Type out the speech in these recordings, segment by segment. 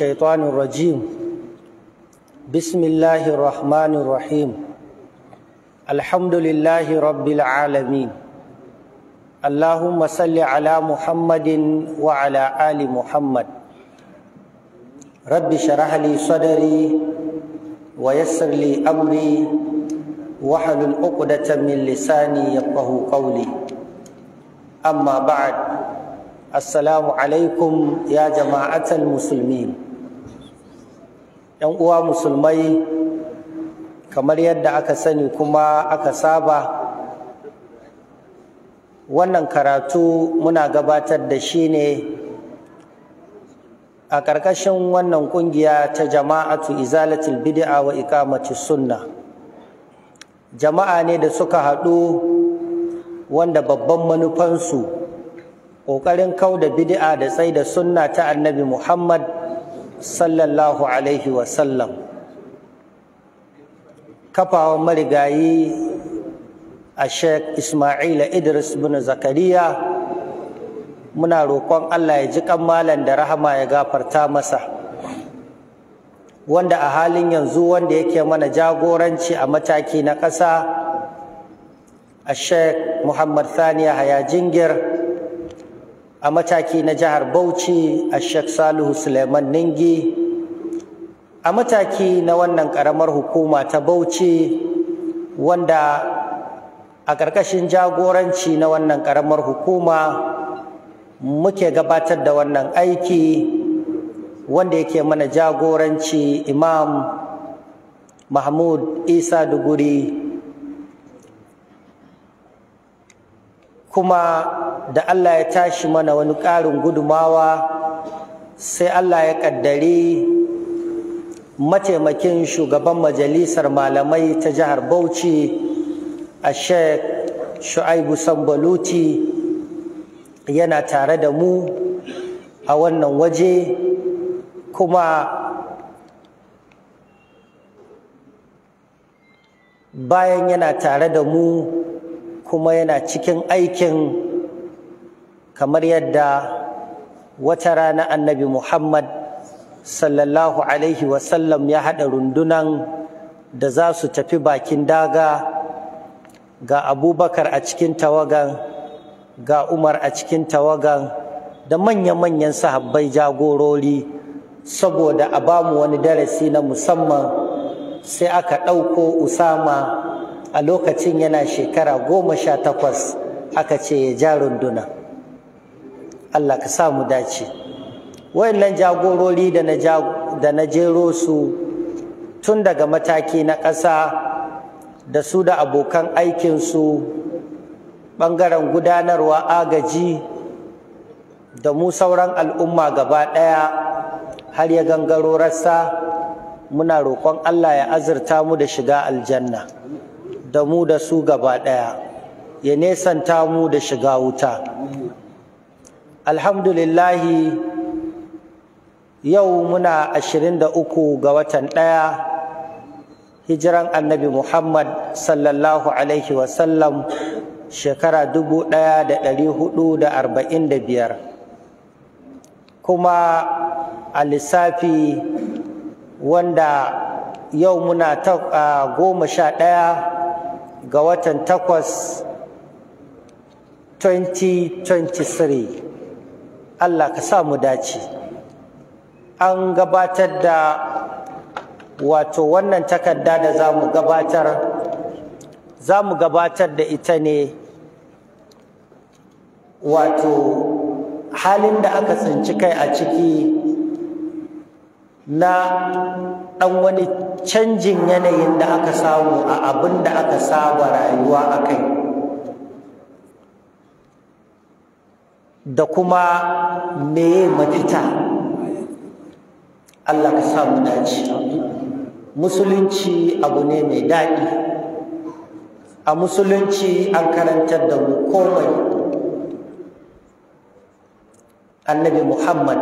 الشيطان الرجيم بسم الله الرحمن الرحيم الحمد لله رب العالمين اللهم صل على محمد وعلى آل محمد رب شرح لي صدري ويسر لي أمري وحل عقدة من لساني يفقه قولي أما بعد السلام عليكم يا جماعة المسلمين 'yan uwa musulmai kamar yadda aka sani kuma aka saba wannan karatu muna gabatar da shi ne a ƙarƙashin wannan ƙungiya ta jama'atu izalatul bid'a wa iqamati sunna jama'a ne da suka haɗu wanda babban manufansu ƙoƙarin kau da bid'a da tsaida sunna ta annabi muhammad sallallahu alaihi wasallam kafawan marigayi a sheik ismaila idris bin zakariya muna roƙon allah ya ji malam da rahama ya gafarta masa wanda a halin yanzu wanda yake mana jagoranci a mataki na ƙasa a sheik muhammad thaniya haya jingir a mataki na jihar bauchi a sheikh salihu suleiman ningi a mataki na wannan karamar hukuma ta bauchi wanda a ƙarƙashin jagoranci na wannan karamar hukuma muke gabatar da wannan aiki wanda yake mana jagoranci imam mahmud isa duguri kuma da Allah ya tashi mana wani ƙarin gudumawa sai Allah ya ƙaddari mataimakin shugaban majalisar malamai ta jihar Bauchi a Sheikh Shu'aibu Sambaluti yana tare da mu a wannan waje kuma bayan yana tare da mu kuma yana cikin aikin kamar yadda wata rana annabi Muhammad sallallahu alaihi wasallam ya haɗa rundunan da za su tafi bakin daga ga abubakar a cikin tawagan ga umar a cikin tawagan da manya-manyan sahabbai jagorori saboda a bamu wani darasi na musamman sai aka ɗauko usama a lokacin yana shekara goma sha takwas aka ce ya ja runduna. Allah ka sa mu dace wayannan jagorori da na da na jero su tun daga mataki na ƙasa da su da abokan aikin su ɓangaren gudanarwa agaji da mu sauran al'umma gaba ɗaya har ya gangaro rassa muna roƙon Allah ya azurta mu da shiga aljanna da mu da su gaba ɗaya ya nesanta mu da shiga wuta alhamdulillahi yau muna da uku ga watan ɗaya hijiran annabi muhammad sallallahu alaihi wasallam shekara biyar, kuma a lissafi wanda yau muna goma sha ɗaya ga watan takwas 2023 Allah ka sa mu dace an gabatar da wato wannan takarda da za mu gabatar za mu gabatar da ita ne wato halin da aka tsinci kai a ciki na ɗan wani canjin yanayin da aka samu a abin da aka saba rayuwa a kai da kuma meye mafita Allah ka samu dace musulunci abu ne mai daɗi a musulunci an karantar da mu komai annabi muhammad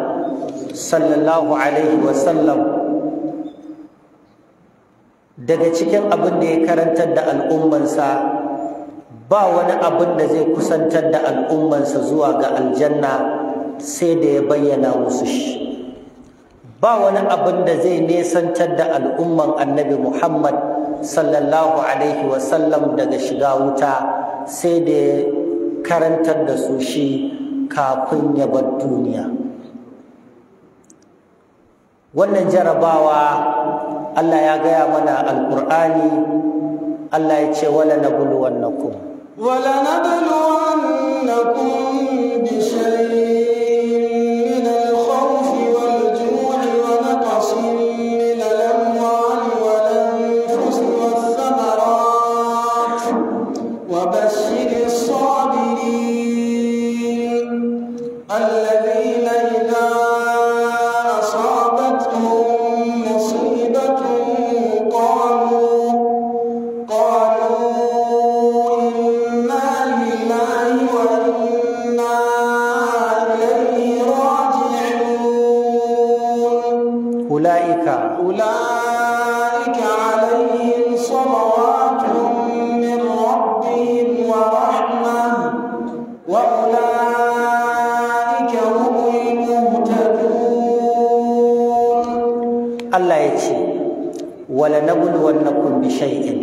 sallallahu alaihi wasallam daga cikin abin da ya karantar da al'ummansa ba wani abin da zai kusantar da al'ummansa zuwa ga aljanna sai da ya bayyana musu shi ba wani abin da zai nesantar da al'umman annabi muhammad sallallahu alaihi wasallam daga shiga wuta sai da ya karantar da su shi kafin ya bar duniya wannan jarabawa allah ya gaya mana alkur'ani allah ya ce wala na bulu wannan kuma ولنبلونكم ce wala nabluwannakum bi shay'in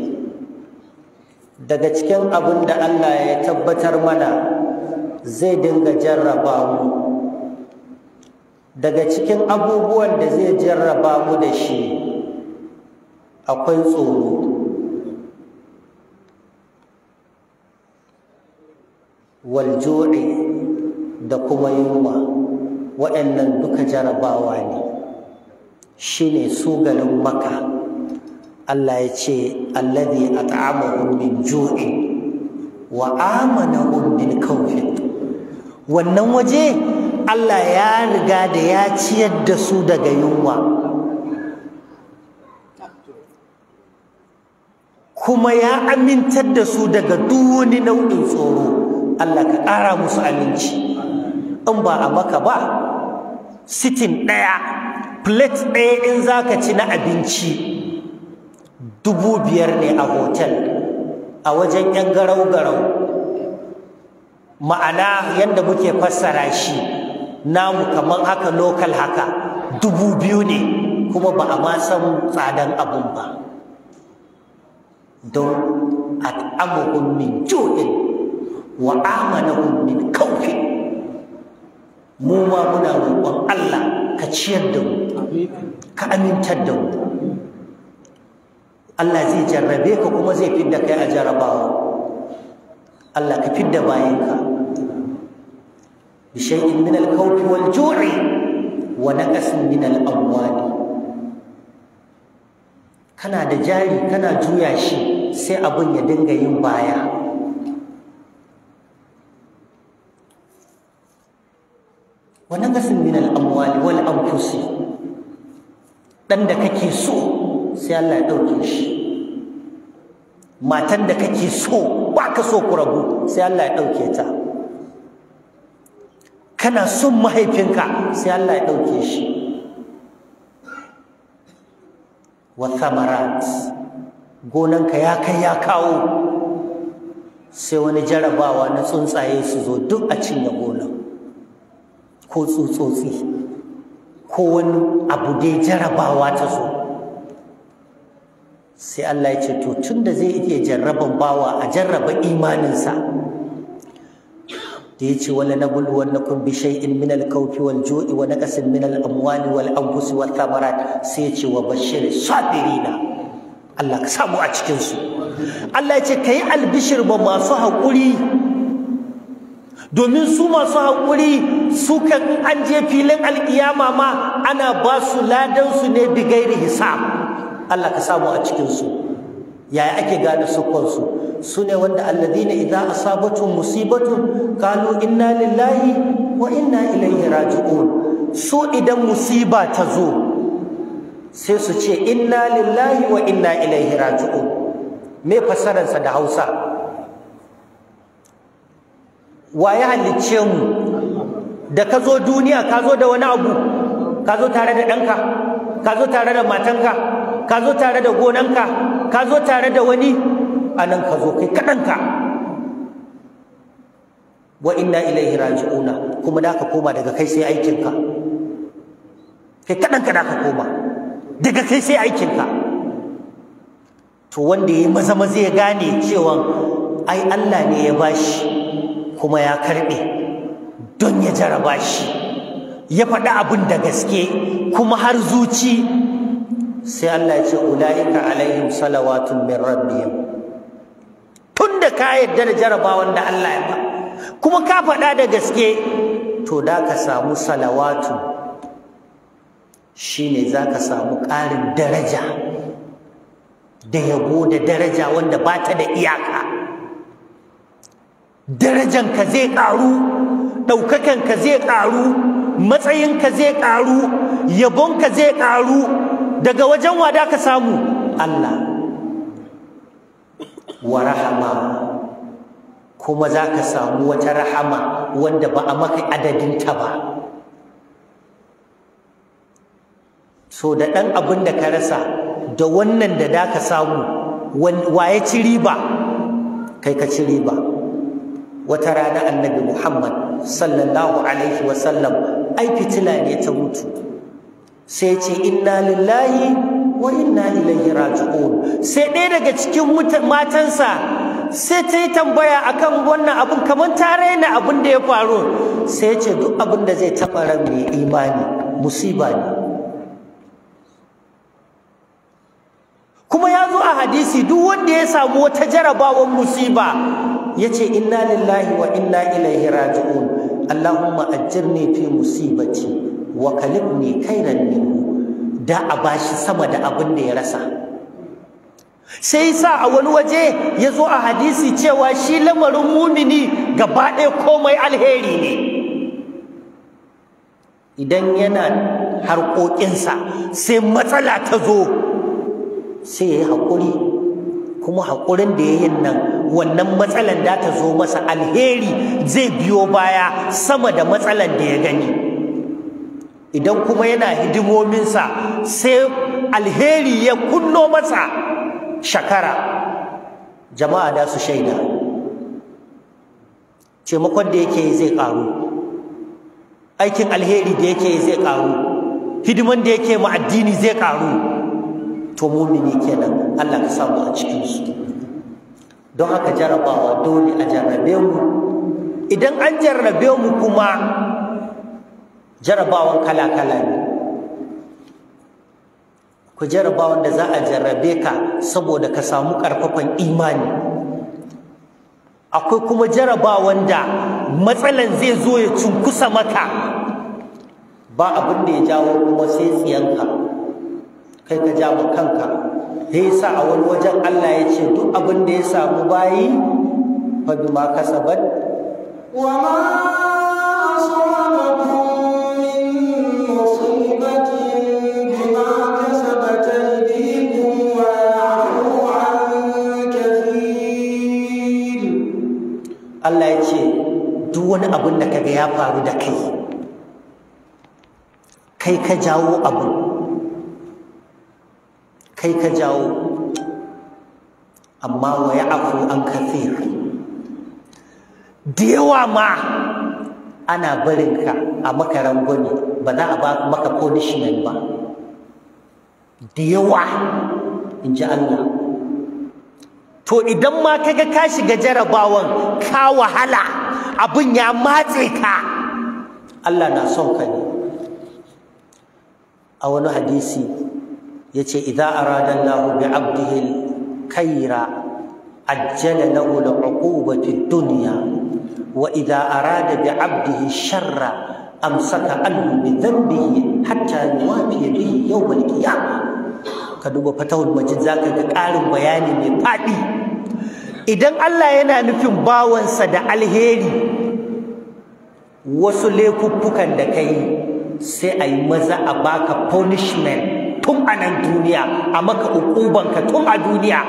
daga cikin abin da Allah ya tabbatar mana zai dinga jarraba mu daga cikin abubuwan da zai jarraba mu da shi akwai tsoro waljoɗe da kuma yunwa waɗannan duka jarabawa ne shine su ganin maka Allah ya ce alladhi at'amahum min ju'in wa amanahum min khawfin wannan waje Allah ya riga da ya ciyar da su daga yunwa kuma ya amintar da su daga duk wani nau'in tsoro Allah ka ƙara musu aminci in ba a maka ba sitin ɗaya plate ɗaya in za ka ci na abinci dubu biyar ne a hotel a wajen 'yan garau-garau ma'ana yadda muke fassara shi namu kamar haka lokal haka dubu biyu ne kuma ba a ma san tsadan abun ba don at'amuhum min ju'in wa amanahum min kawfin mu ma muna roƙon Allah ka ciyar da mu ka amintar da mu Allah zai jarrabe ka kuma zai fidda kai a jarrabawa Allah ka fidda bayanka bi shay'in min al wal ju'i wa naqasin min al-amwali kana da jari kana juya shi sai abin ya dinga yin baya shay'in min al wal anfusi dan da kake so sai Allah ya shi matan da kake so baka so ku rabu sai Allah ya ta kana son mahaifinka sai Allah ya shi wa thamarat gonanka ya kai ya kawo sai wani jarabawa na tsuntsaye su zo duk a cinye gona. ko tsutsotsi ko wani abu dai jarabawa ta zo sai Allah ya ce to tunda zai iya jarraban bawa a jarraba imaninsa da ya ce wala na bulwan na kun bishai in minal kaufi wal jo'i wa na kasin minal amwali wal anfusi wal sai ya ce wa bashir sabirina Allah ka samu a cikinsu Allah ya ce ka yi albishir ba masu haƙuri domin su masu haƙuri sukan an je filin alƙiyama ma ana ba su ladansu ne bigairi hisab Allah ka samu a cikinsu yaya ake gane sukonsu su ne wanda alladina idan asabatun musibatun kano inna lillahi wa inna ilayhi raji'un su idan musiba ta zo sai su ce inna lillahi wa inna ilayhi raji'un me fasararsa da Hausa wa ya halicce mu da ka zo duniya ka zo da wani abu ka zo tare da ɗanka ka zo tare da matanka ka zo tare da gonanka ka zo tare da wani a nan ka zo kai kaɗanka wa inna ilaihi raji'una kuma da ka koma daga kai sai aikinka kai kaɗanka da ka koma daga kai sai aikinka to wanda ya maza maza ya gane cewa ai Allah ne ya bashi kuma ya karɓe don ya jaraba shi ya faɗi abin da gaske kuma har zuci sai Allah ya ce ula'ika alaihim salawatun min rabbihim tun da ka yarda da jarabawan da Allah ya ba kuma ka faɗa da gaske to da ka samu salawatu shine za ka samu ƙarin daraja da yabo da daraja wanda ba ta da iyaka darajanka zai ƙaru ɗaukakanka zai ƙaru matsayinka zai ƙaru yabonka zai ƙaru daga wajen wada ka samu Allah wa rahama kuma za ka samu wata rahama wanda ba a maka ta ba so da ɗan abin da ka rasa da wannan da da ka samu wa ya ci riba kai ka ci ba. wata rana annabi Muhammad sallallahu alaihi wasallam ai fitila ne ta mutu sai ce inna lillahi wa inna ilaihi raji'un sai ɗaya daga cikin matansa sai ta yi tambaya akan wannan abun kamar ta raina abun da ya faru sai ce duk abin da zai taɓa ran mai imani musiba ne kuma ya zo a hadisi duk wanda ya samu wata jarabawar musiba Ya ce, inna lillahi wa inna ilaihi raji'un allahumma ajirni fi musibati wa kalibni kairan minhu da a bashi sama da abin da ya rasa sai sa a wani waje ya zo a hadisi cewa shi lamarin mumini gaba ɗaya komai alheri ne idan yana harkokinsa sai matsala ta zo sai ya yi haƙuri kuma haƙurin da ya yi nan wannan matsalan da ta zo masa alheri zai biyo baya sama da matsalan da ya gani idan kuma yana hidimominsa sai alheri ya kunno masa shakara jama'a da su shaida taimakon da yake zai ƙaru aikin alheri da yake zai ƙaru hidiman da yake ma addini zai ƙaru to mumini kenan Allah ka samu a cikin su don haka jarabawa dole a jarrabe mu idan an jarrabe mu kuma jarabawan kala-kala ne ku jarabawan da za a jarrabe ka saboda ka samu karfafan imani akwai kuma jarabawan da matsalan zai zo ya cunkusa maka ba abin da ya jawo kuma sai tsiyanka kai ka ja kanka ya yi sa a wani wajen Allah ya ce duk abin da ya samu bayi fa bima wa ma kasabat wa Allah ya ce duk wani abin da kaga ya faru da kai kai ka jawo abu kai ka jawo amma wa ya afu an kafe. da yawa ma ana barinka a makaran gwani ba za a ba maka punishment ba da yawa in ji Allah to idan ma kaga ka shiga jarabawan ka wahala abin ya matse ka Allah na son ka ne a wani hadisi Ya yace idza arada lahu bi abdihil kaira ajjala lahu al-'uqubati dunya wa idza arada bi 'abdihi sharra amsaka anhu bi dhanbihi hatta yuwafi bihi yawm al-qiyamah ka duba fatahul majid zaka ga ƙarin bayani mai faɗi idan Allah yana nufin bawansa da alheri wasu laifuffukan da kai sai a yi maza a baka punishment tun a nan duniya a maka ukubanka tun a duniya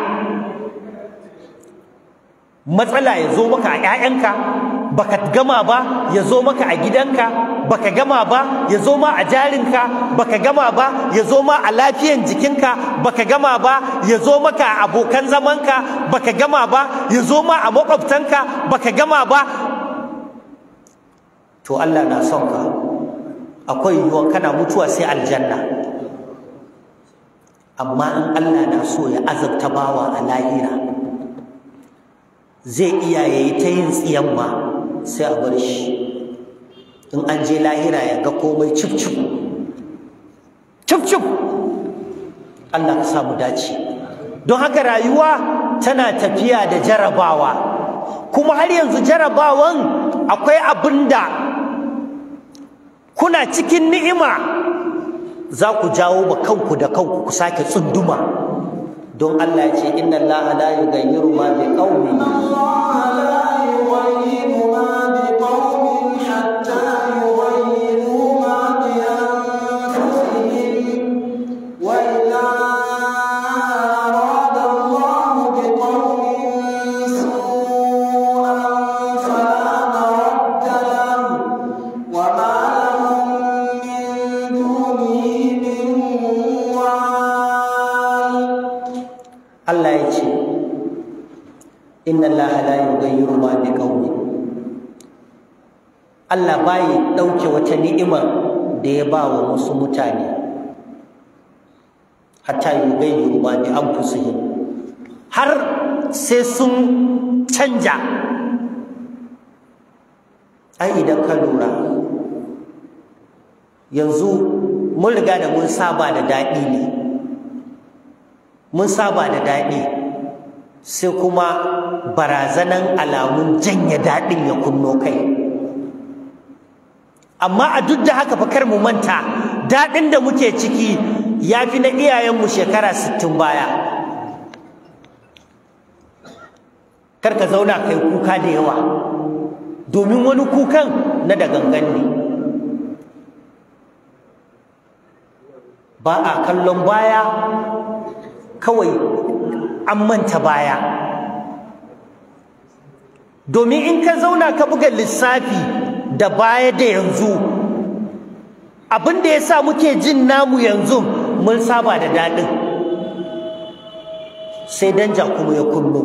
matsala ya zo maka a 'ya'yanka baka gama ba ya zo maka a gidanka baka gama ba ya zo ma a jarinka baka gama ba ya zo ma a lafiyan jikinka baka gama ba ya zo maka a abokan zamanka baka gama ba ya zo ma a makwabtanka baka gama ba to Allah na son ka akwai yiwuwa kana mutuwa sai aljanna amma in Allah na so ya azabta bawa a lahira zai iya ya yi ta yin tsiyan ma sai a bar shi in an je lahira ya ga komai cif cif cif Allah ka samu dace don haka rayuwa tana tafiya da jarabawa kuma har yanzu jarabawan akwai abin da kuna cikin ni'ima za ku jawo ba kanku da kanku ku sake tsunduma don Allah ya ce inna Allah la yughayyiru ma bi qaumin Allah la yughayyiru ma bi qaumin hatta ba ya ɗauke wata ni'imar da ya ba wa wasu mutane hatta yi yi ruwa da an har sai sun canja ai idan ka lura yanzu mun riga da mun saba da daɗi ne mun saba da daɗi sai kuma barazanan alamun janye daɗin ya kunno kai amma a duk da haka fa kar mu manta daɗin da muke ciki ya fi na iyayenmu shekara sittin baya kar ka zauna kai kuka da yawa domin wani kukan na da gangan ne ba a kallon baya kawai an manta baya domin in ka zauna ka buga lissafi da baya da yanzu abin da ya sa muke jin namu yanzu mun saba da daɗin sai danja kuma ya kullu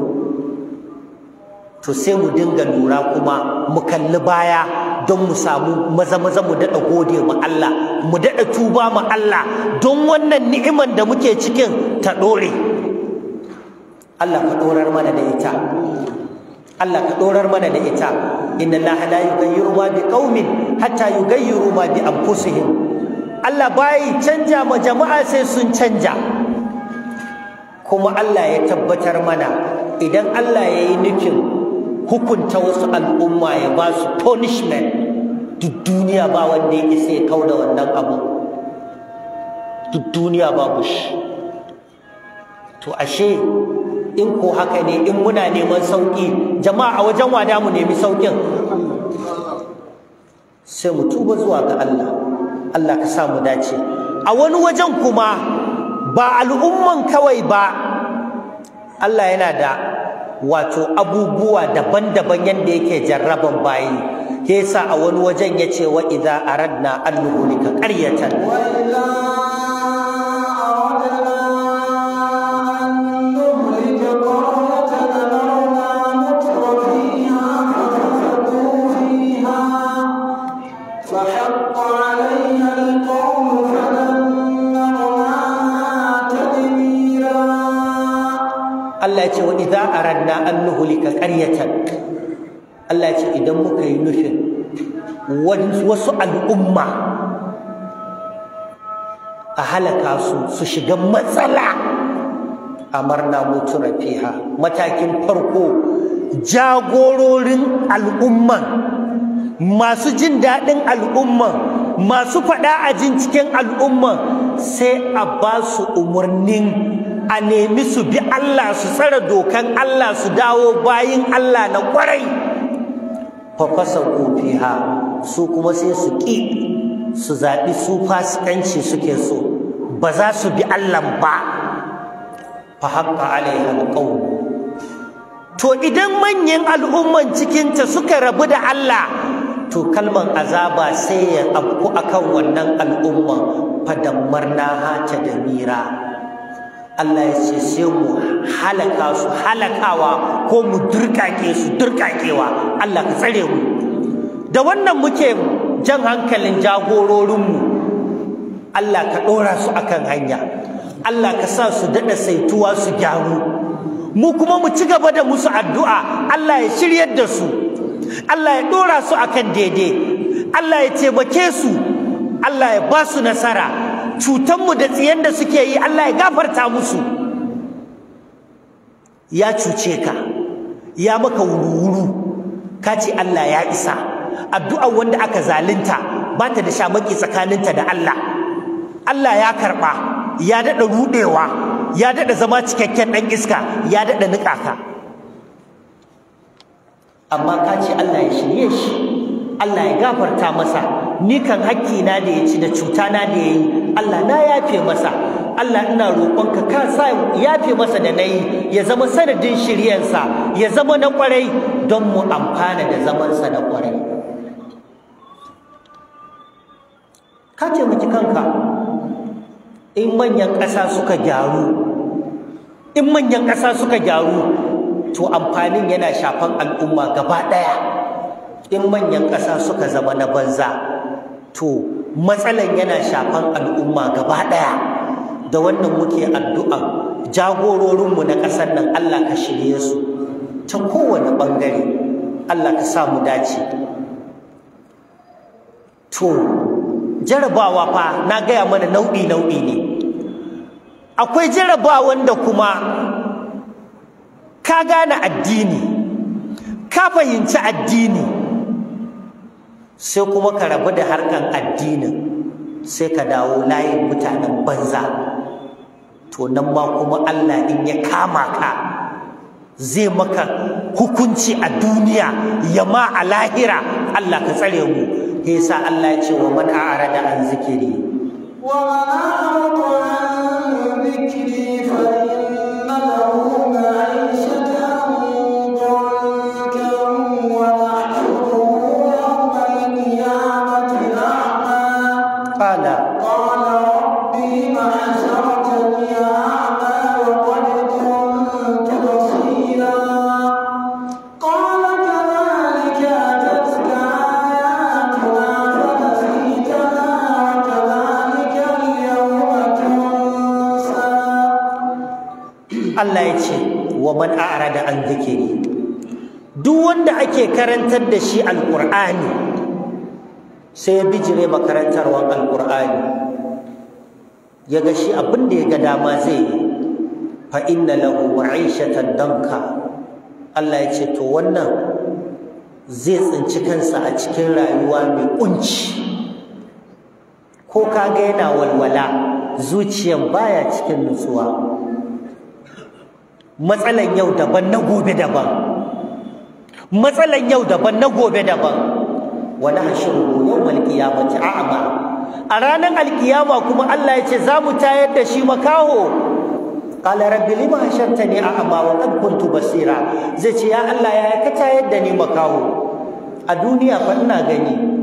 to sai mu dinga lura kuma mu kalli baya don mu samu maza maza mu daɗa gode mu Allah mu daɗa tuba mu Allah don wannan ni'iman da muke cikin ta ɗore Allah ka ɗorar mana da ita Allah ka ɗorar mana da ita inna allaha la yughayyiru ma biqaumin hatta yughayyiru ma bi anfusihim Allah bai canja ma jama'a sai sun canja kuma Allah ya tabbatar mana idan Allah ya yi nufin hukunta wasu al'umma ya ba su punishment duk duniya ba wanda ya isa ya kauda wannan abu duk duniya babu shi to ashe in ko haka ne in muna neman sauƙi jama'a a wajen wada mu nemi sauƙin sai mu tuba zuwa ga Allah Allah ka sa mu dace a wani wajen kuma ba al'umman kawai ba Allah yana da wato abubuwa daban-daban yadda yake jarraban bayi yasa a wani wajen ya ce wa idza aradna an ka qaryatan an nuhulika qaryatan Allah ce idan muka yi nufin wasu al'umma a halaka su su shiga matsala amarna mutura fiha matakin farko jagororin al'umma, masu jin daɗin al'umma, masu faɗa a jin cikin al'umma, sai a ba su umarnin a nemi su bi Allah su tsara dokan Allah su dawo bayin Allah na kwarai fafasa kofiha su kuma sai su ƙi su zaɓi su fasikanci suke so ba za su bi Allah ba fa haƙa alaiha to idan manyan al'umman cikinta suka rabu da Allah to kalman azaba sai ya afku akan wannan al'umma fadammarna hace da mira Allah ya ce sai mu halaka su halakawa ko mu durkake su durkakewa Allah ka tsare mu da wannan muke jan hankalin jagororinmu Allah ka ɗora su akan hanya Allah ka sa su daɗa saituwa su gyaru mu kuma mu ci gaba da musu addu'a Allah ya shiryar da su Allah ya ɗora su akan daidai Allah ya taimake su Allah ya ba su nasara cutanmu da tsiyan da suke yi Allah ya gafarta musu ya cuce ka ya maka wuru ka ce Allah ya isa addu'ar wanda aka zalunta ba ta da shamaki tsakaninta da Allah Allah ya karɓa ya daɗa ruɗewa ya daɗa zama cikakken ɗan iska ya daɗa niƙa ka amma ka ce Allah ya shirye shi Allah ya gafarta masa ni kan hakki na da ya ci da cuta na da ya yi Allah na yafe masa Allah ina roƙonka ka sa yafe masa da na yi. ya zama sanadin shiryansa ya zama na ƙwarai don mu amfana da zamansa na ƙwarai ka ce miki kanka in manyan ƙasa suka gyaru in manyan ƙasa suka gyaru to amfanin yana shafan al'umma gaba ɗaya in manyan ƙasa suka zama na banza to matsalan yana shafan al'umma gaba ɗaya da wannan muke addu'a jagororinmu na ƙasar nan Allah ka shirye su ta kowane ɓangare Allah ka sa mu dace to jarabawa fa na gaya mana nau'i-nau'i ne akwai jarabawan da kuma ka gane addini ka fahimci addini sai kuma ka rabu da harkan addinin sai ka dawo layin mutanen banza to nan ma kuma Allah in ya kama ka zai maka hukunci a duniya ya ma a lahira Allah ka tsare mu sa Allah ya ce wa man a'rada an zikiri wa man a'rada an zikiri wanda ake karantar da shi alƙur'ani sai ya bijire makarantarwar alƙur'ani ya ga shi abin da ya ga dama zai yi fa inna lahu ma'ishatan danka Allah ya ce to wannan zai tsinci kansa a cikin rayuwa mai kunci ko ka ga yana walwala zuciyan baya cikin nutsuwa matsalan yau daban na gobe daban matsalan yau daban na gobe daban wani wa nahshuruhu yawmal ci a'ama. a ranar alkiyama kuma Allah ya ce za mu tayar da shi makaho kala rabbi lima ne a'ma wa kad kuntu basira zai ce ya Allah ya ka tayar da ni makaho a duniya fa ina gani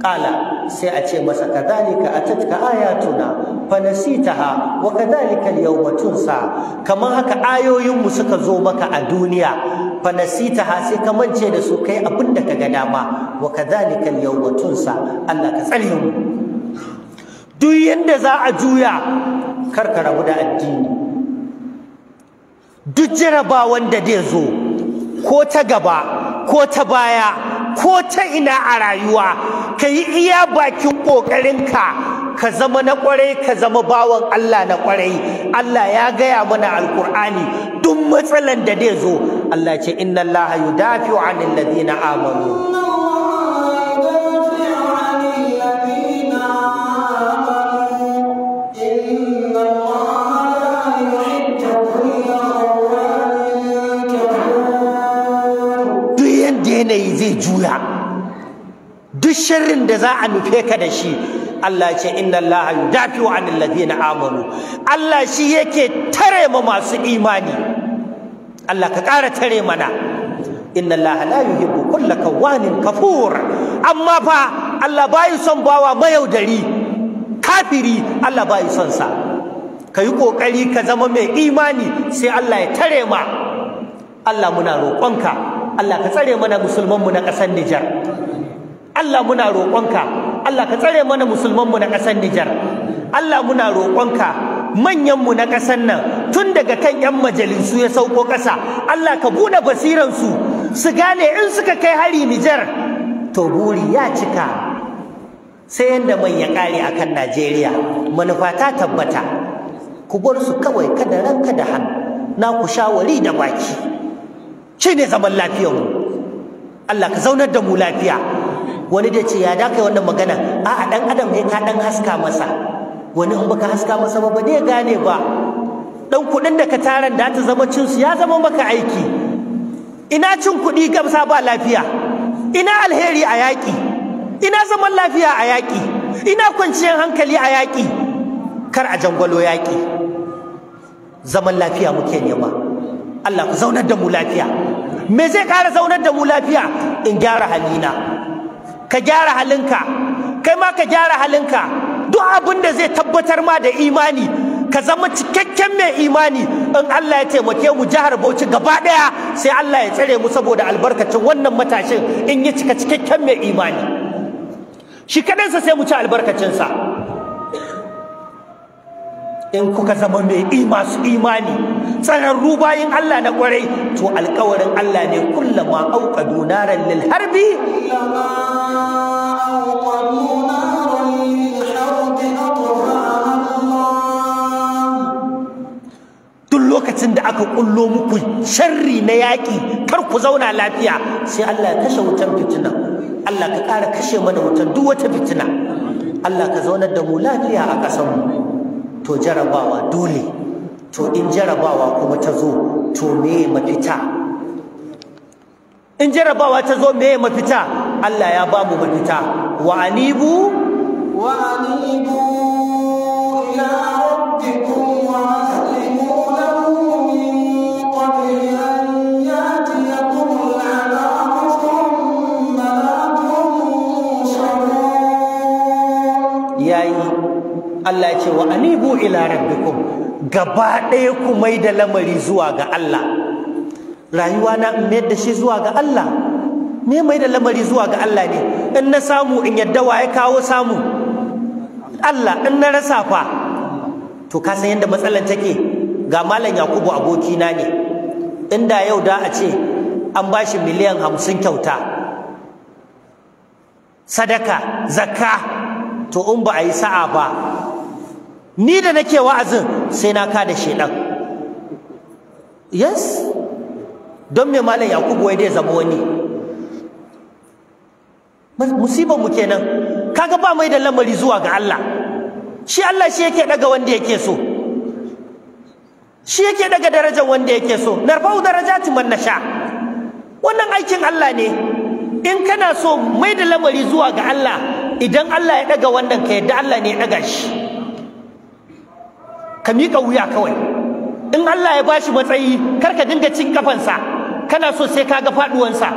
qala sai a ce masa kadhalika atatka ayatuna fanasitaha wa kadhalika al-yawma tunsa kaman haka ayoyin mu suka zo maka a duniya fanasitaha sai ka mance da su kai abinda ka ga dama wa kadhalika al-yawma tunsa Allah ka tsare mu duk yanda za a juya kar ka rabu da addini duk jarabawan da zai zo ko ta gaba ko ta baya ko ta ina a rayuwa ka yi iya bakin ƙoƙarinka ka zama na ƙwarai ka zama bawan Allah na kwarai. Allah ya gaya mana alƙur'ani duk matsalan da zai zo Allah ce inna Allah yudafi'u 'anil ladina amanu juya duk sharrin da za a nufe ka da shi Allah ce inna Allah yudafi wa anil ladina amanu Allah shi yake tare ma masu imani Allah ka ƙara tare mana inna Allah la yuhibbu kulla kawanin kafur amma fa Allah bai son bawa mayaudari kafiri Allah bai son sa ka yi ƙoƙari ka zama mai imani sai Allah ya tare ma Allah muna roƙonka Allah ka tsare mana musulmanmu na ƙasar Nijar Allah muna roƙonka Allah ka tsare mana musulmanmu na ƙasar Nijar Allah muna roƙonka manyanmu na ƙasar nan tun daga kan 'yan majalisu ya sauko ƙasa Allah ka buɗe basiransu su gane in suka kai hari Nijar to buri ya cika sai yadda mai ya kare akan Najeriya manufa ta tabbata ku bar su kawai kada ranka da hannu na ku shawari da baki shi ne zaman lafiyarmu Allah ka zaunar da mu lafiya wani da ce ya dakai wannan magana a a dan adam ne ka dan haska masa wani in baka haska masa ba ba ne gane ba dan kuɗin da ka taran da ta zama cinsu ya zama maka aiki ina cin kuɗi gamsa ba lafiya ina alheri a yaƙi ina zaman lafiya a yaƙi ina kwanciyar hankali a yaƙi kar a jangwalo yaƙi zaman lafiya muke nema Allah ku zaunar da mu lafiya me zai kara zaunar da mu lafiya in gyara halina ka gyara halinka kai ma ka gyara halinka duk abin da zai tabbatar ma da imani ka zama cikakken mai imani in Allah ya taimake mu jihar Bauchi gaba ɗaya sai Allah ya tsare mu saboda albarkacin wannan matashin in ya cika cikakken mai imani shi kaɗansa sai mu ci albarkacinsa in kuka zama mai masu imani tsararru bayin Allah na kwarai to alkawarin Allah ne kullama auka dunaran lil harbi duk lokacin da aka kullo muku sharri na yaƙi kar ku zauna lafiya sai Allah ya kashe wutan fitina Allah ka ƙara kashe mana wutan duk wata fitina Allah ka zaunar da mu lafiya a ƙasarmu to jarabawa dole to in jarabawa kuma ta zo to me mafita in jarabawa ta zo me mafita Allah ya bamu mafita wa anibu wa anibu ila rabbikum Allah ya ce wa anibu ila rabbikum gaba ɗaya ku mai da lamari zuwa ga Allah rayuwa na in mayar da shi zuwa ga Allah me mai da lamari zuwa ga Allah ne in na samu in yadda wa ya kawo samu Allah in na rasa fa to ka san yadda matsalar take ga malam Yakubu abokina ne inda yau da a ce an ba shi miliyan hamsin kyauta sadaka zakka to in ba a yi sa'a ba ni da nake wa'azin sai na kada shedan yes don me malam yakubu wai dai zama wani musibar mu kenan kaga ba mai da lamari zuwa ga Allah shi Allah shi yake daga wanda yake so shi yake daga darajar wanda yake so narfa'u darajati man nasha wannan aikin Allah ne in kana so mai da lamari zuwa ga Allah idan Allah ya daga wannan ka yadda Allah ne ya daga shi ka miƙa wuya kawai in Allah ya bashi matsayi kar ka dinga cin kafansa kana so sai ka ga faduwansa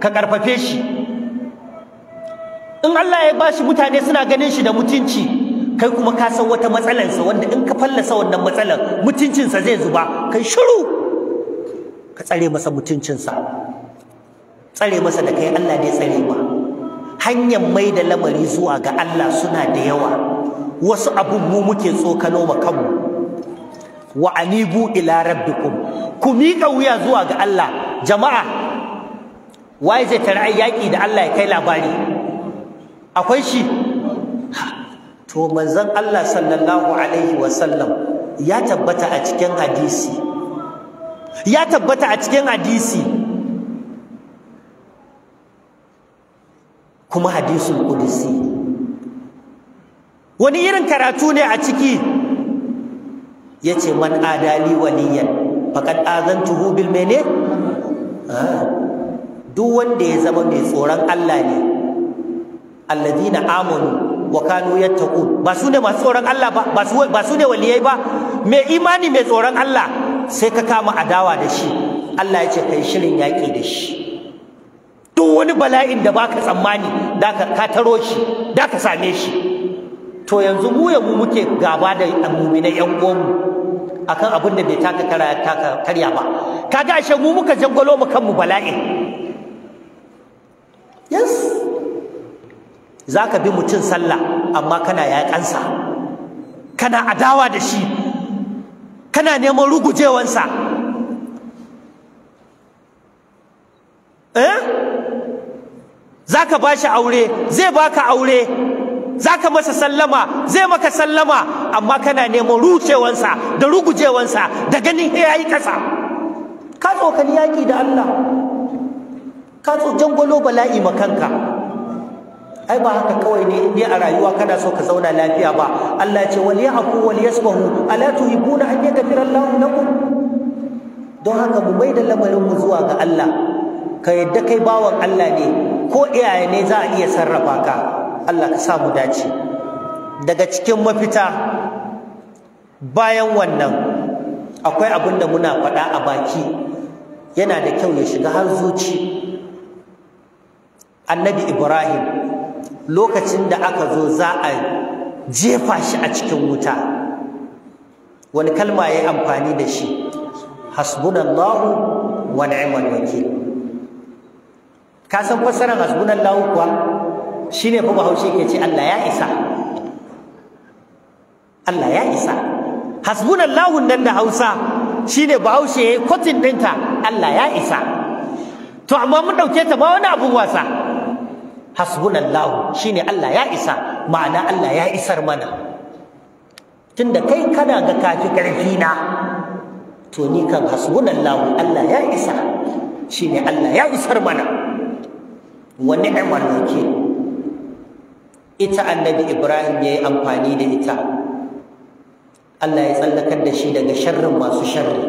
ka karfafe shi in Allah ya bashi mutane suna ganin shi da mutunci kai kuma ka san wata matsalarsa wanda in ka fallasa wannan matsalar mutuncinsa zai zuba kai shiru ka tsare masa mutuncinsa tsare masa da kai Allah dai tsare ba hanyar mai da lamari zuwa ga Allah suna da yawa wasu abubu mu muke tsokano ma kanmu wa anibu ila rabbikum ku miƙa wuya zuwa ga Allah jama'a waye zai tara yaki da Allah ya kai labari akwai shi to manzon Allah sallallahu alaihi sallam ya tabbata a cikin hadisi ya tabbata a cikin hadisi kuma hadisul qudsi wani irin karatu ne a ciki Ya ce man adali waliyan faqad azantuhu bil mene ah. duk wanda ya zama mai tsoron Allah ne alladina amanu wa kanu yattaqun ba su ne masu tsoron Allah ba ba su ba su ne waliyai ba mai imani mai tsoron Allah sai ka kama adawa da shi Allah ya ce kai shirin yaƙi da shi duk wani bala'in da baka tsammani da ka taro shi da ka same shi to yanzu mu ya mu muke gaba da mu'minai yan uwanmu akan abin da bai taka kara karya ba kaga ashe mu muka jangalo mu kanmu bala'i yes zaka bi mutum sallah amma kana yaƙansa kana adawa da shi kana neman rugujewansa eh zaka bashi aure zai baka aure zaka masa sallama zai maka sallama amma kana neman rucewansa da rugujewansa da ganin yi kasa ka tsokani yaki da Allah ka tso jangwalo bala'i makanka ai ba haka kawai ne ne a rayuwa kana so ka zauna lafiya ba Allah ya ce wal ya'fu wal yasbahu ala tuhibuna an yaghfira Allahu lakum don haka mu mai da lamarin mu zuwa ga Allah ka yadda kai bawan Allah ne ko iyaye ne za a iya sarrafa ka Allah ka samu dace daga cikin mafita bayan wannan akwai abin da muna faɗa a baki yana da kyau ya shiga har zuci annabi ibrahim lokacin da aka zo za a jefa shi a cikin wuta wani kalma ya yi amfani da shi hasbunallahu wa ni'mal wakil ka san fassarar hasbunallahu kuwa Shi ne fa bahaushe ke ce Allah ya isa Allah ya isa hasbunallahu nan da Hausa shi ne bahaushe yi kwatin dinta Allah ya isa to amma mun dauke ta ba wani abun wasa hasbunallahu ne Allah ya isa ma'ana Allah ya isar mana tunda kai kana ga kafi ƙarfi na to ni kan hasbunallahu Allah ya isa shi ne Allah ya isar mana ɗan wani ke ita annabi Ibrahim ya yi amfani da ita Allah ya tsallakar da shi daga sharrin masu sharri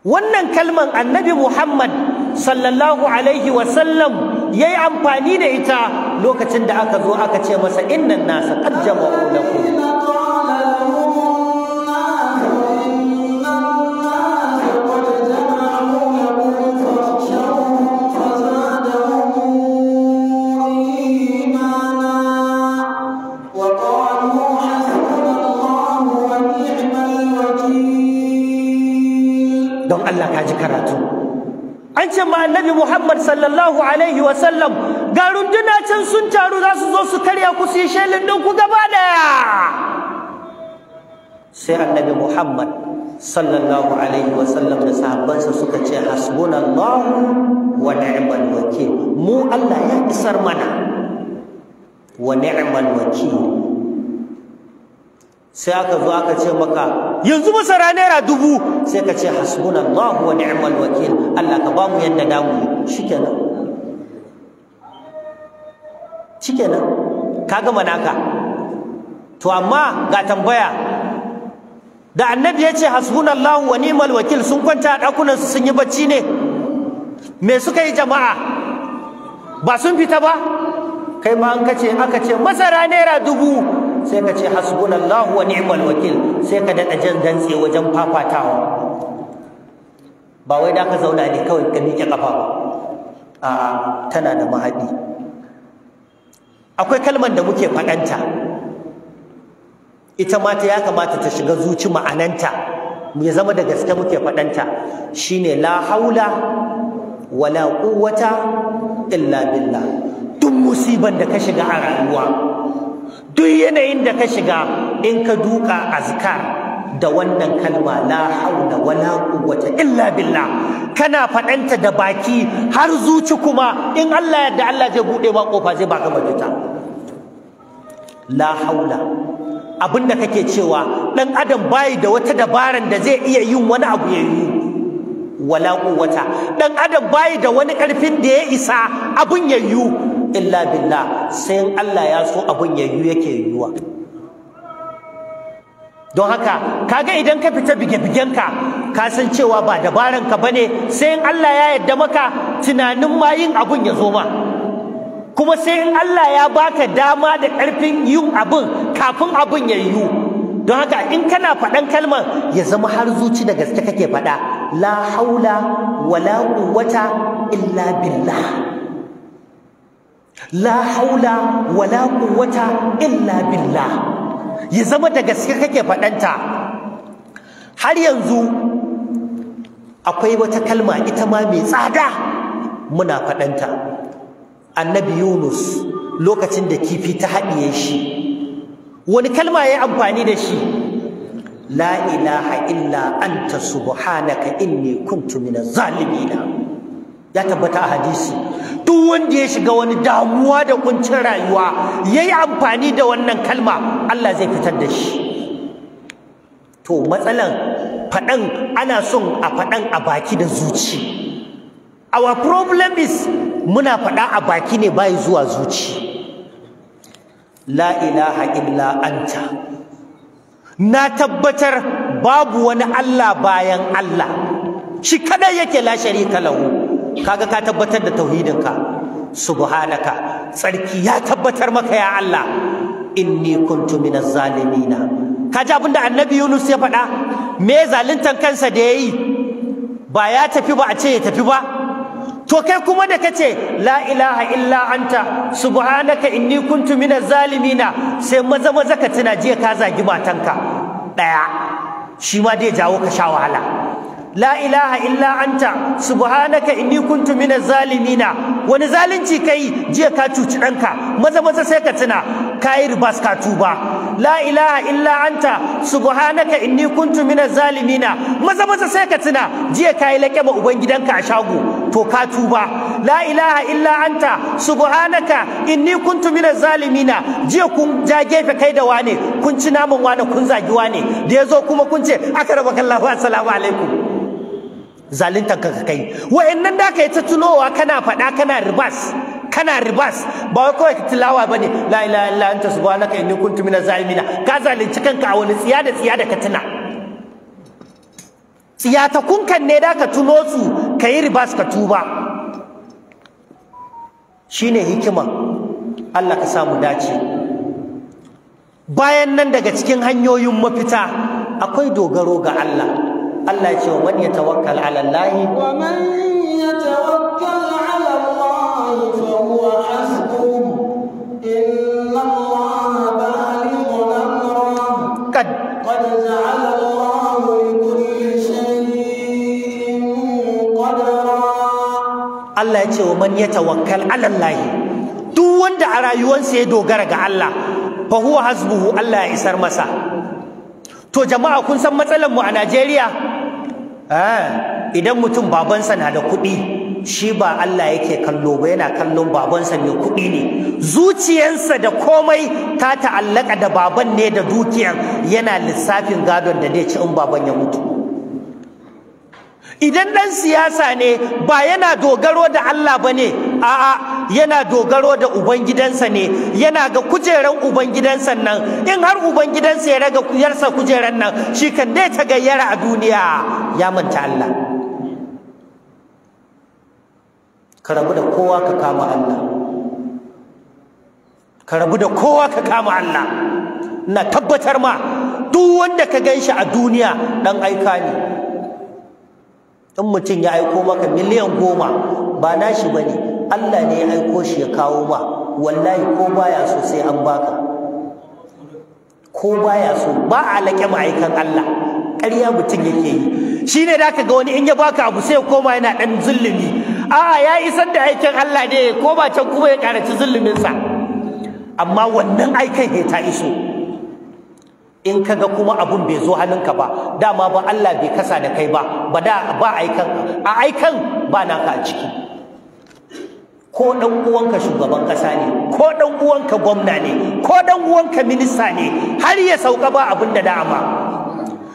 wannan kalman annabi Muhammad sallallahu alaihi wasallam ya yi amfani da ita lokacin da aka zo aka ce masa innan nasa ƙajjama lakum ji karatu an ce ma annabi muhammad sallallahu alaihi wasallam ga runduna can sun taru za su zo su karya ku su yi shelin ɗin ku gaba daya sai annabi muhammad sallallahu alaihi wasallam da sahabbansa suka ce hasbunallahu wa ni'mal wakil mu allah ya isar mana wa ni'mal wakil sai aka zo aka ce maka yanzu masara naira dubu sai ka ce hasbunallahu wa ni'mal wakil Allah ka bamu yanda damu shikenan shikenan ka gama naka to amma ga tambaya da annabi ya ce hasbunallahu wa ni'mal wakil sun kwanta a dakunan sun yi bacci ne me suka yi jama'a ba sun fita ba kai ma an kace aka ce masara naira dubu sai ka ce hasbunallahu wa ni'mal wakil sai ka daɗa jan dantse wajen fafatawa ba wai da ka zauna ne kawai ka miƙe ƙafa ba a tana da mahadi. akwai kalmar da muke faɗanta ita ma ta ya kamata ta shiga zuci ma'ananta ya zama da gaske muke faɗanta shine la haula wala quwwata illa billah duk musiban da ka shiga a rayuwa duk yanayin da ka shiga in ka duka azkar da wannan kalma la haula wala quwwata illa billah kana faɗanta da baki har zuci kuma in Allah yadda Allah zai bude ma kofa zai baka mafita la haula abinda kake cewa dan adam bai da wata dabaran da zai iya yin wani abu ya yi wala quwwata dan adam bai da wani karfin da ya isa abun yayyu illa billah sai Allah ya so abun yi yake yiwuwa don haka kaga idan ka fita bige bigen ka san cewa ba ka bane sai in Allah ya yarda maka tunanin ma yin abun ya zo ma kuma sai in Allah ya baka dama da ƙarfin yin abun kafin abun ya yiwu don haka in kana faɗan kalmar ya zama har zuci da gaske kake faɗa la haula wala quwwata illa billah la haula wala quwwata illa billah ya zama da gaske kake faɗanta har yanzu akwai wata kalma ita ma mai tsada muna faɗanta annabi yunus lokacin da kifi ta haɗiye shi wani kalma ya amfani da shi la ilaha illa anta subhanaka inni kuntu minaz zalimina ya tabbata a hadisi duk wanda ya shiga wani damuwa da kuncin rayuwa yayi amfani da wannan kalma Allah zai fitar da shi to matsalan faɗan ana son a faɗan a baki da zuci our problem is muna faɗa a baki ne bai zuwa zuci la ilaha illa anta na tabbatar babu wani Allah bayan Allah shi kada yake la sharika lahu kaga ka tabbatar da tauhidinka subhanaka tsarki ya tabbatar maka ya Allah inni kuntu minaz zalimina kaji abinda annabi Yunus ya faɗa me zaluntan kansa da yayi ba ya tafi ba a ce ya tafi ba to kai kuma da kace la ilaha illa anta subhanaka inni kuntu minaz zalimina sai maza maza ka tuna jiya ka zagi matanka daya shi ma dai jawo ka sha wahala la ilaha illa anta subhanaka inni kuntu minaz zalimina wani zalunci kai jiya ka cuci danka maza maza sai ka tuna kai ribas ka tuba la ilaha illa anta subhanaka inni kuntu minaz zalimina maza maza sai ka tuna jiya kai laƙe ma ubangidanka a shago to ka tuba la ilaha illa anta subhanaka inni kuntu minaz na jiya kun ja gefe kai da wane kun ci naman wane kun zagi wane da yazo kuma kun ce aka raba kallahu assalamu alaikum zalinta ka kai nan da kai ta tunowa kana faɗa kana ribas kana ribas ba wai kawai tilawa bane la ilaha illa anta subhanaka inni kuntu na zalimina ka zalunci kanka a wani tsiya da tsiya da ka tuna tsiya ta kunkan ne da ka tuno su kai ribas ka tuba shine hikima Allah ka samu dace bayan nan daga cikin hanyoyin mafita akwai dogaro ga Allah Allah ya ce wa man yatawakkal ala Allah wa man yatawakkal ala Allah fa huwa hasbuh inna Allah baligh amrih qad qad ja'ala Allah li kulli shay'in qadara Allah ya ce wa man yatawakkal ala Allah duk wanda a rayuwarsa ya dogara ga Allah fa huwa hasbuhu Allah ya isar masa to jama'a kun san matsalar mu a Najeriya idan mutum babansa na da kuɗi shi ba Allah yake kallo ba yana kallon babansa mai kuɗi ne zuciyarsa da komai ta ta'allaka da baban ne da dukiyar yana lissafin gadon da zai ci in baban ya mutu idan ɗan siyasa ne ba yana dogaro da Allah ba ne a'a yana dogaro da ubangidansa ne yana ga kujeran ubangidansa nan in har ubangidansa ya raga kuyarsa kujeran nan shi kan dai ta gayyara a duniya ya manta Allah ka rabu da kowa ka kama Allah ka rabu da kowa ka kama Allah na tabbatar ma duk wanda ka gan shi a duniya ɗan aika ne in mutum ya aiko maka miliyan goma ba nashi ba ne Allah ne ya aiko shi ya kawo ma wallahi ko baya so sai an baka ko baya so ba a laƙe ma'aikan Allah ƙarya mutum yake yi shi ne da ga wani in ya baka abu sai koma yana ɗan zulumi a'a ya isar da aikin Allah ne ko ba can kuma ya ƙaraci zuluminsa amma wannan aikan ya ta iso in ka ga kuma abun bai zo hannunka ba dama ba Allah bai kasa da kai ba ba da ba aikan a aikan ba naka a ciki ko dan uwanka shugaban kasa ne ko dan uwanka gwamna ne ko dan uwanka minista ne har ya sauka ba abun da da'ama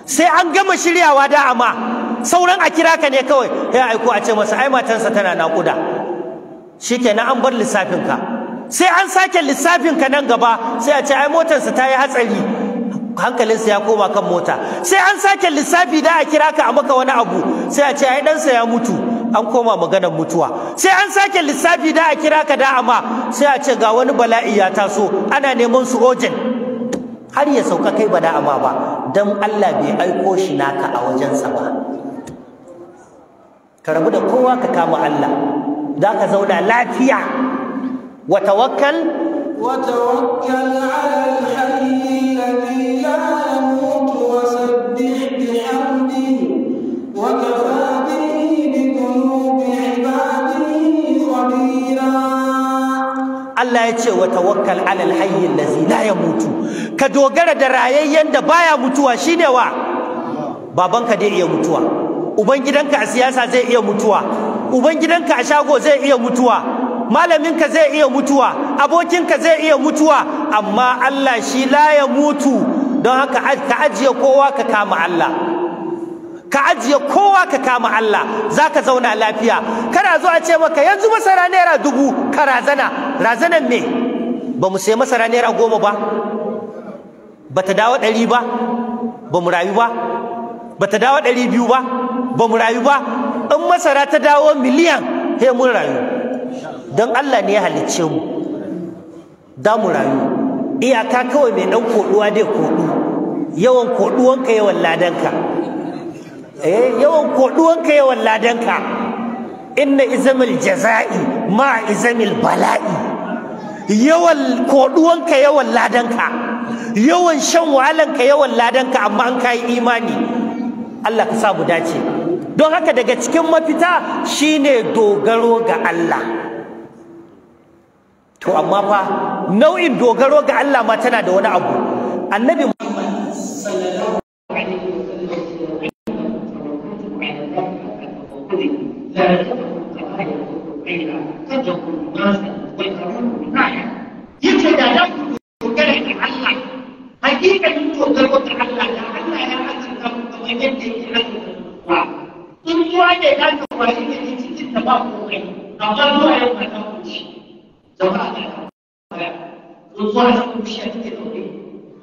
sai an gama shiryawa da'ama sauran a kira ka ne kawai ya aiko a ce masa ai matansa tana naƙuda shikenan an bar lissafinka sai an sake lissafin ka nan gaba sai a ce ai motarsa ta yi hatsari hankalinsa ya koma kan mota sai an sake lissafi da a kira ka a maka wani abu sai a ce ai ɗansa ya mutu an koma maganar mutuwa sai an sake lissafi da a kira ka da amma sai a ce ga wani bala'i ya taso ana neman su ojin har ya sauka kai ba ama ba dan Allah bai aiko shi naka a wajensa ba ka rabu da kowa ka kama Allah za ka zauna lafiya wa tawakkal wa tawakkal ala al Allah ya ce wa tawakkal alal hayyin lazi la yamutu ka dogara da rayayyen da baya mutuwa shine wa babanka zai iya mutuwa uban gidanka a siyasa zai iya mutuwa uban gidanka a shago zai iya mutuwa malaminka zai iya mutuwa abokinka zai iya mutuwa amma Allah shi la ya mutu don haka ka ajiye kowa ka kama Allah ka ajiye kowa ka kama Allah za ka zauna lafiya kana zo a ce maka yanzu masara naira dubu ka razana razanan me ba mu sai masara naira goma ba ba ta dawo ɗari ba ba mu rayu ba ba ta dawo ɗari biyu ba ba mu rayu ba in masara ta dawo miliyan he mun rayu don Allah ne ya halicce mu za mu rayu iyaka kawai mai ɗan koɗuwa dai koɗu yawan koɗuwanka yawan ladanka eh yawan koɗuwanka yawan ladanka inna izamil jaza'i ma izamil bala'i yawan koɗuwanka yawan ladanka yawan shan wahalanka yawan ladanka amma an kayi imani Allah ka sa dace don haka daga cikin mafita shine dogaro ga Allah to amma fa nau'in dogaro ga Allah ma tana da wani abu annabi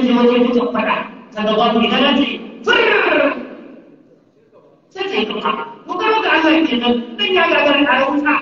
menyebut perang. Kalau orang kita nanti, saya tidak tahu. Bukan untuk apa itu, tapi agak-agak ada usaha.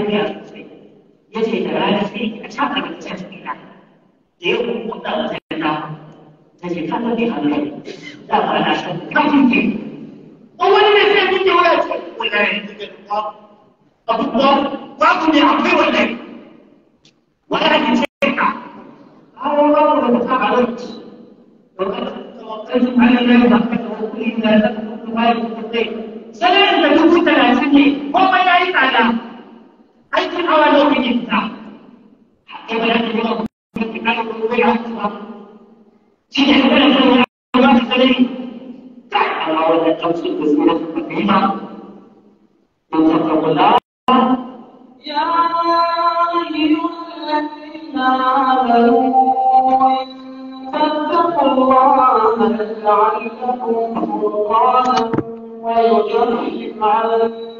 lafiya sosai ya ce da rana sai ki a can daga cikin cikina da ya kuma kuɗa wa zai na ta ce ka zaɓe a wuri da ba na shan kafin ke ko wani ne sai mun da waya ce wallahi da ba abubuwa ba ku ne akwai wallahi wallahi ce ka kawo ba mu da ta a lokaci توكلتم على الله وحده وكل لا تكتب ما يكتب سنة تكون ثلاثة وما I think our Lord is now. Hatta لا تقول سيدي حتى لا تقول الله سليم. تعالى ولا تمشي بسم الله الرحمن الرحيم. الله يا أيها الذين آمنوا فاتقوا الله لعلكم ترحمون ويجرم عنكم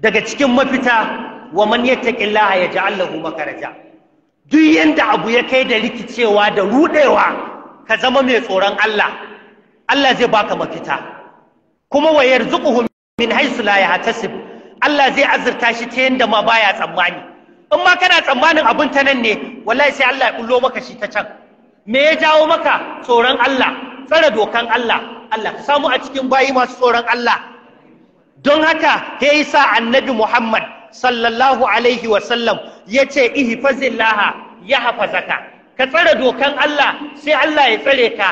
daga cikin mafita wa man yattaqillaha yaj'al lahu makaraja duk yanda abu ya kai da rikicewa da rudewa ka zama mai tsoron Allah Allah zai baka mafita kuma wa yarzuquhu min haythu la yahtasib Allah zai azurta shi ta yanda ma baya tsammani in ma kana tsammanin abin ta nan ne wallahi sai Allah ya bullo maka shi ta can me ya jawo maka tsoron Allah Tsara dokan Allah Allah ka samu a cikin bayi masu tsoron Allah don haka ya yi sa annabi Muhammad sallallahu alaihi wasallam ya ce laha ya hafazaka ka tsare dokan Allah sai Allah ya tsare ka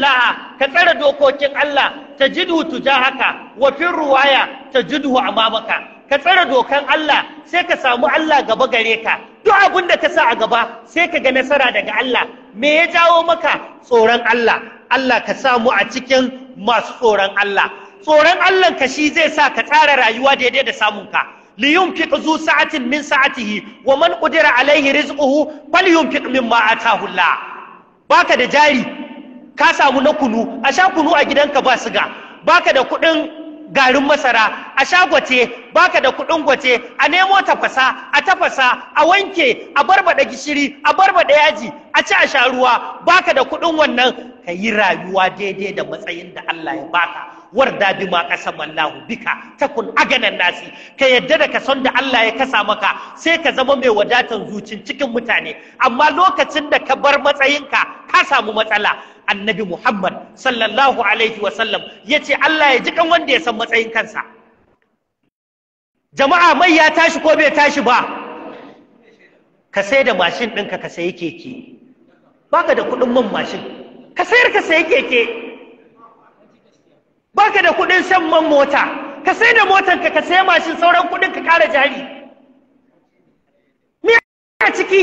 laha ka tsare dokokin Allah tajidu tuja haka. Wafin ruwaya tajidu amamaka ka tsare dokan Allah sai ka samu Allah gaba gare ka duk abin da ka sa a gaba sai ka ga nasara daga Allah me ya jawo maka tsoron Allah Allah ka samu a cikin masu tsoron Allah tsoron Allah ka shi zai sa ka tsara rayuwa daidai da samun ka yunfiq zu sa'atin min sa'atihi wa man qadira alaihi rizquhu yunfiq mimma ataahu Allah baka da jari ka samu na kunu a sha kunu a gidanka ba ga. baka da kuɗin garin masara a sha gwate baka da kuɗin gwate a nemo tafasa a tafasa a wanke a barbada gishiri a barbada yaji a ci a sha ruwa baka da kuɗin wannan ka yi rayuwa daidai da matsayin da Allah ya baka warda bi ma kasam Allahu bika takun aganan nasi ka yadda da ka son da Allah ya kasa maka sai ka zama mai wadatan zucin cikin mutane amma lokacin da ka bar matsayinka ka samu matsala annabi Muhammad sallallahu alaihi wa sallam yace Allah ya ji kan wanda ya san matsayin kansa jama'a mai ya tashi ko bai tashi ba ka sai da mashin ɗinka ka sayi keke baka da kuɗin man mashin ka sayar ka sayi keke baka da kuɗin shan man mota ka sai da motan ka ka sai mashin sauran kuɗin ka kara jari me a ciki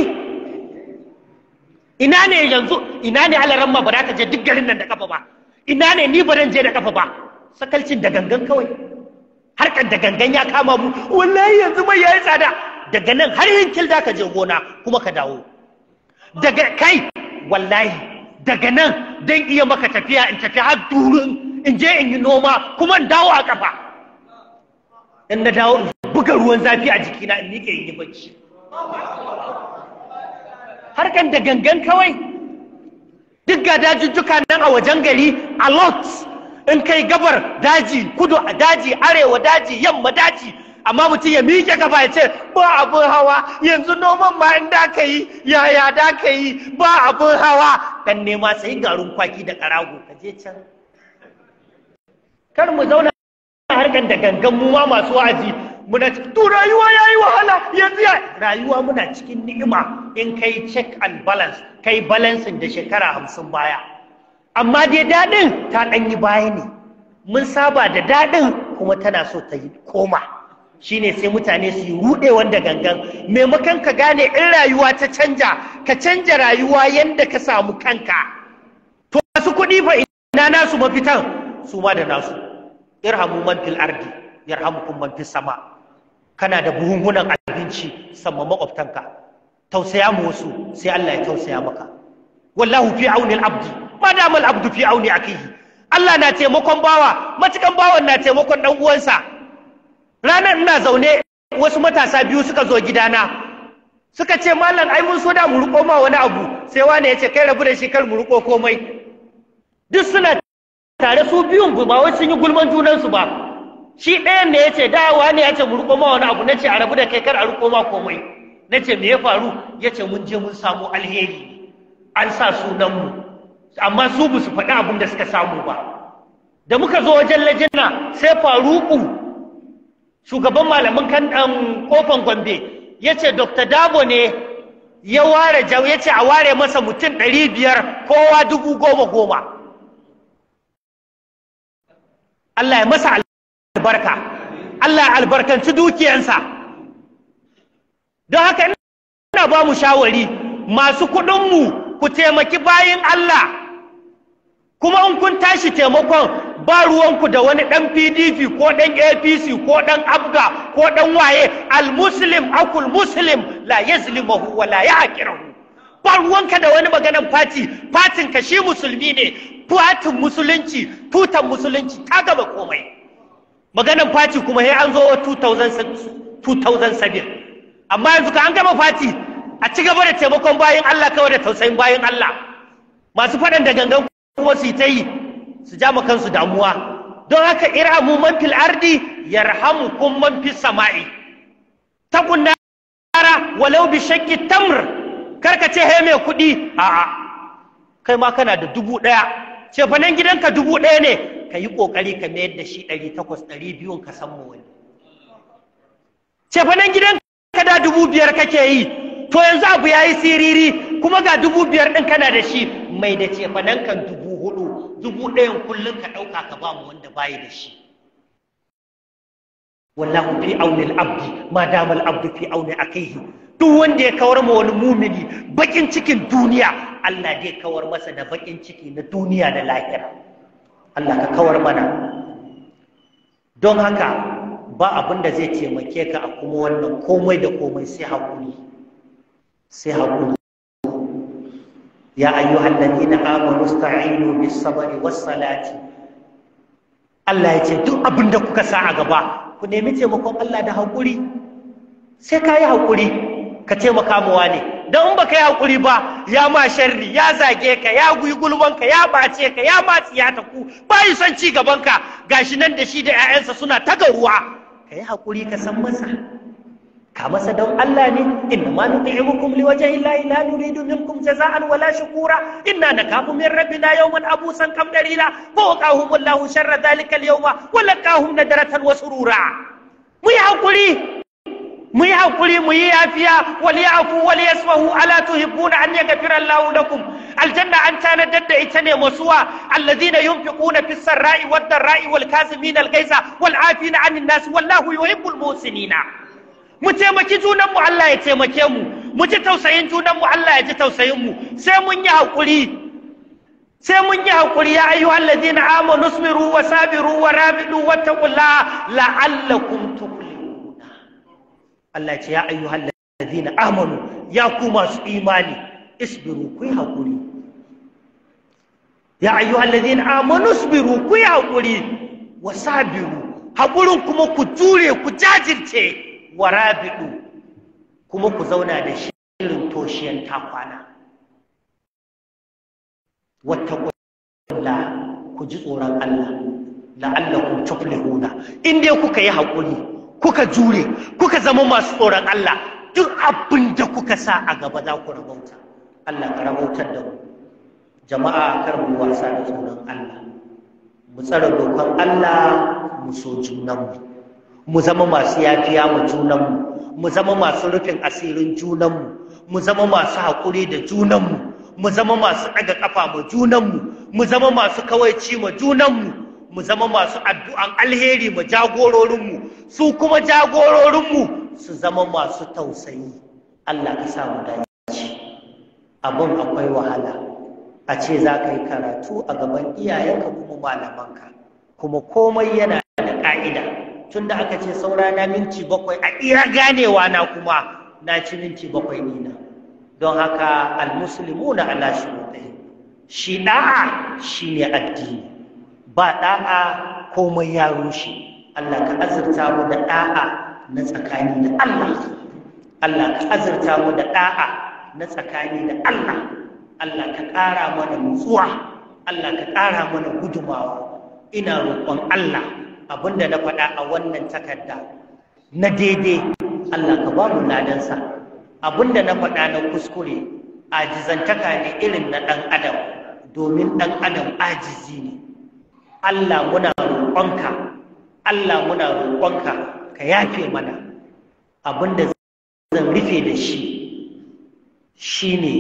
ina ne yanzu ina ne alaran ma ba za ka je duk garin nan da kafa ba ina ne ni ba je da kafa ba sakalcin da gangan kawai harkar da gangan ya kama mu wallahi yanzu mai yayi tsada daga nan har hinkil da ka je gona kuma ka dawo daga kai wallahi daga nan dan iya maka tafiya in tafi har durin in je in yi noma kuma in dawo a kafa in na dawo in buga ruwan zafi a jikina in nike in yi bacci harkan da gangan kawai duk ga dajujjuka nan a wajen gari a lot in kai gabar daji kudu a daji arewa daji yamma daji amma mutum ya miƙe gaba ya ce ba abin hawa yanzu noman ma in da ka yi yaya da ka yi ba abin hawa Dan nema sai garin kwaki da karago ka je can kar mu zauna harkar da gangan mu ma masu wa'azi muna to rayuwa yayi wahala yanzu ya rayuwa muna cikin ni'ima in kai check and balance kai balancing da shekara hamsin baya amma dai daɗin ta ɗan yi baya ne mun saba da daɗin kuma tana so ta yi koma shine sai mutane su yi ruɗe wanda gangan maimakon ka gane in rayuwa ta canja ka canja rayuwa yanda ka samu kanka to masu kuɗi fa ina nasu mafitan su ma da nasu irhamu man fil ardi yarhamukum man fis sama kana da buhunhunan abinci sama makwabtanka tausaya mu wasu sai Allah ya tausaya maka wallahu fi auni al-abdi ma dama al-abdu fi auni akihi Allah na taimakon bawa matukan bawan na taimakon dan uwansa ranar ina zaune wasu matasa biyu suka zo gidana suka ce mallam ai mun so da mu riko ma wani abu sai wani ya ce kai rabu da shi kar mu riko komai duk suna tare su biyun ba wai sun yi gulman junansu ba shi ɗayan ne ya ce dawa ne ya ce mu riko ma wani abu na ce a rabu da kai kar a riko ma komai na ce me ya faru ya ce mun je mun samu alheri an sa sunanmu amma su ba su faɗi abin da suka samu ba da muka zo wajen lajina sai faruku shugaban malamin kan kofan gombe ya ce dr dabo ne ya ware ya ce a ware masa mutum ɗari biyar kowa dubu goma goma Allah ya masa albarka Allah ya albarkanci dukiyansa don haka ina ba mu shawari masu kuɗinmu ku taimaki bayin Allah kuma in kun tashi taimakon ba ruwanku da wani ɗan pdp ko ɗan apc ko ɗan abga ko ɗan waye almuslim akul muslim la yazlimahu wala ya ba ruwanka da wani maganan fati fatin ka shi musulmi ne Tuwatin musulunci tutan musulunci ta gama komai maganan fati kuma sai an zo 2007 amma yanzu ka an gama fati a ci gaba da taimakon bayan Allah kawai da tausayin bayan Allah masu faɗan da gangan kuma su yi ta yi su ja kansu damuwa don haka irhamu man fil ardi kum man fis sama'i takun nara walau bi shakki tamr karka ce he mai kuɗi a'a kai ma kana da dubu ɗaya cefanen gidanka dubu ɗaya ne ka yi ƙoƙari ka mayar da shi ɗari takwas ɗari biyu ka san mu wani cefanen gidanka da dubu biyar kake yi to yanzu abu ya yi siriri kuma ga dubu biyar ɗin kana da shi mai da cefanen kan dubu hudu dubu ɗayan kullum ka ɗauka ka ba mu wanda bayi da shi wallahu fi auni al-abdi ma dama al-abdu fi auni akhihi duk wanda ya kawar ma wani mumini bakin cikin duniya Allah zai kawar masa da bakin ciki na duniya da lahira Allah ka kawar mana don haka ba abin da zai taimake ka a kuma wannan komai da komai sai hakuri sai hakuri ya ayyuhal ladina amanu sta'inu bis sabri was salati Allah ya ce duk abin da kuka sa a gaba ku nemi taimakon Allah da haƙuri sai ka yi haƙuri ka taimaka mawa ne don in baka yi haƙuri ba ya ma sharri ya zage ka ya guyi ka, ya bace ka ya tsiya ta ku ba yi son ci gaban gabanka gashi nan da shi da 'ya'yansa suna taga ruwa ka yi haƙuri ka san masa ka masa don Allah ne inna ma nuti'imukum liwajhi llahi la nuridu minkum jazaa'an wala shukura inna nakafu min rabbina yawman abusan qamdarina fa waqahum Allahu sharra dhalika al-yawma wa laqahum nadratan wa surura mu yi hakuri mu yi hakuri mu yi yafiya wal ya'fu wal yasfahu ala tuhibbuna an yaghfira Allahu lakum aljanna an tanadar da ita ne masuwa allazina yunfiquna fis sarra'i wad dharra'i wal kazimin al ghaiza wal afina 'anil nas wallahu yuhibbul muhsinina mu taimaki junanmu Allah ya taimake mu mu ji tausayin junanmu Allah ya ji tausayin mu sai mun yi hakuri, sai mun yi hakuri, ya ayyuha allazina amanu Usmiru, wa sabiru wa rabidu wa taqulla la'allakum tuflihuna Allah ya ce ya ayyuha allazina amanu ya ku masu imani isbiru ku yi haƙuri ya ayyuha allazina amanu Usmiru ku yi haƙuri wa sabiru haƙurin kuma ku jure ku jajirce wa kuma ku zauna da shirin toshiyan takwana wattaqulla ku ji tsoron Allah la'allakum tuflihuna in dai kuka yi hakuri kuka jure kuka zama masu tsoron Allah duk abin da kuka sa a gaba za ku rabauta Allah ka rabautar da mu jama'a kar mu wasa da tsoron Allah mu tsara dokar Allah mu so junan mu mu zama masu yafiya mu junanmu mu zama masu rufin asirin junanmu mu zama masu haƙuri da junanmu mu zama masu ɗaga ƙafa ma junanmu mu zama masu kawaici ma junanmu mu zama masu addu'an alheri ma jagororinmu su kuma jagororinmu su zama masu tausayi Allah ka sa mu dace abin akwai wahala a ce za ka yi karatu a gaban iyayenka kuma malamanka kuma komai yana da ƙa'ida tunda aka ce saura na minti bakwai a iya ganewa na kuma na ci minti bakwai nina don haka na ala shuruɗi shi da'a ne addini ba ɗa'a komai ya rushe Allah ka azurta mu da da'a na tsakani da Allah Allah ka azurta mu da da'a na tsakani da Allah Allah ka ƙara mana nutsuwa Allah ka ƙara mana gudumawa ina roƙon Allah abinda na faɗa a wannan takarda na daidai Allah ka ba mu ladansa abinda na faɗa na kuskure ajizantaka ne irin na ɗan adam domin ɗan adam ajizi ne Allah muna roƙonka Allah muna roƙonka ka yafe mana abinda zan rufe da shi shine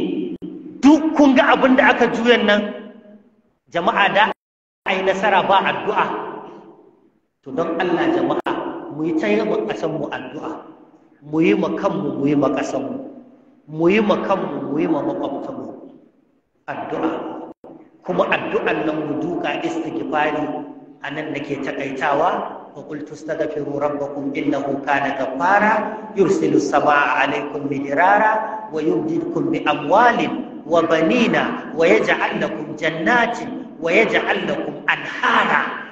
duk kun ga da aka juyan nan jama'a da ai nasara ba addu'a to don Allah jama'a mu yi ta yi ma mu addu'a mu yi ma kanmu mu yi ma ƙasan mu mu yi ma kanmu mu yi ma maƙwabta mu addu'a kuma addu'an nan mu duka istighfari anan nan nake takaitawa wa qul tastaghfiru rabbakum innahu kana ghaffara yursilu samaa alaykum midrara wa yumdidukum bi amwalin wa banina wa yaj'al lakum jannatin wa yaj'al lakum anhara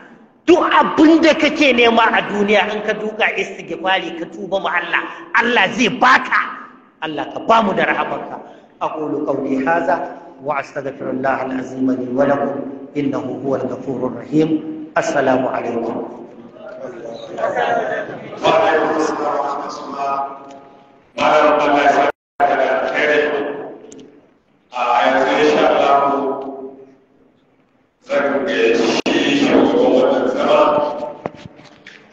duk abin da kake nema a duniya in ka duka istighfari ka tuba mu Allah Allah zai baka Allah ka ba mu da rahamarka aqulu qawli hadha wa astaghfirullah al-azim li wa lakum innahu huwal ghafurur rahim assalamu alaikum a yanzu insha Allah zan ga shi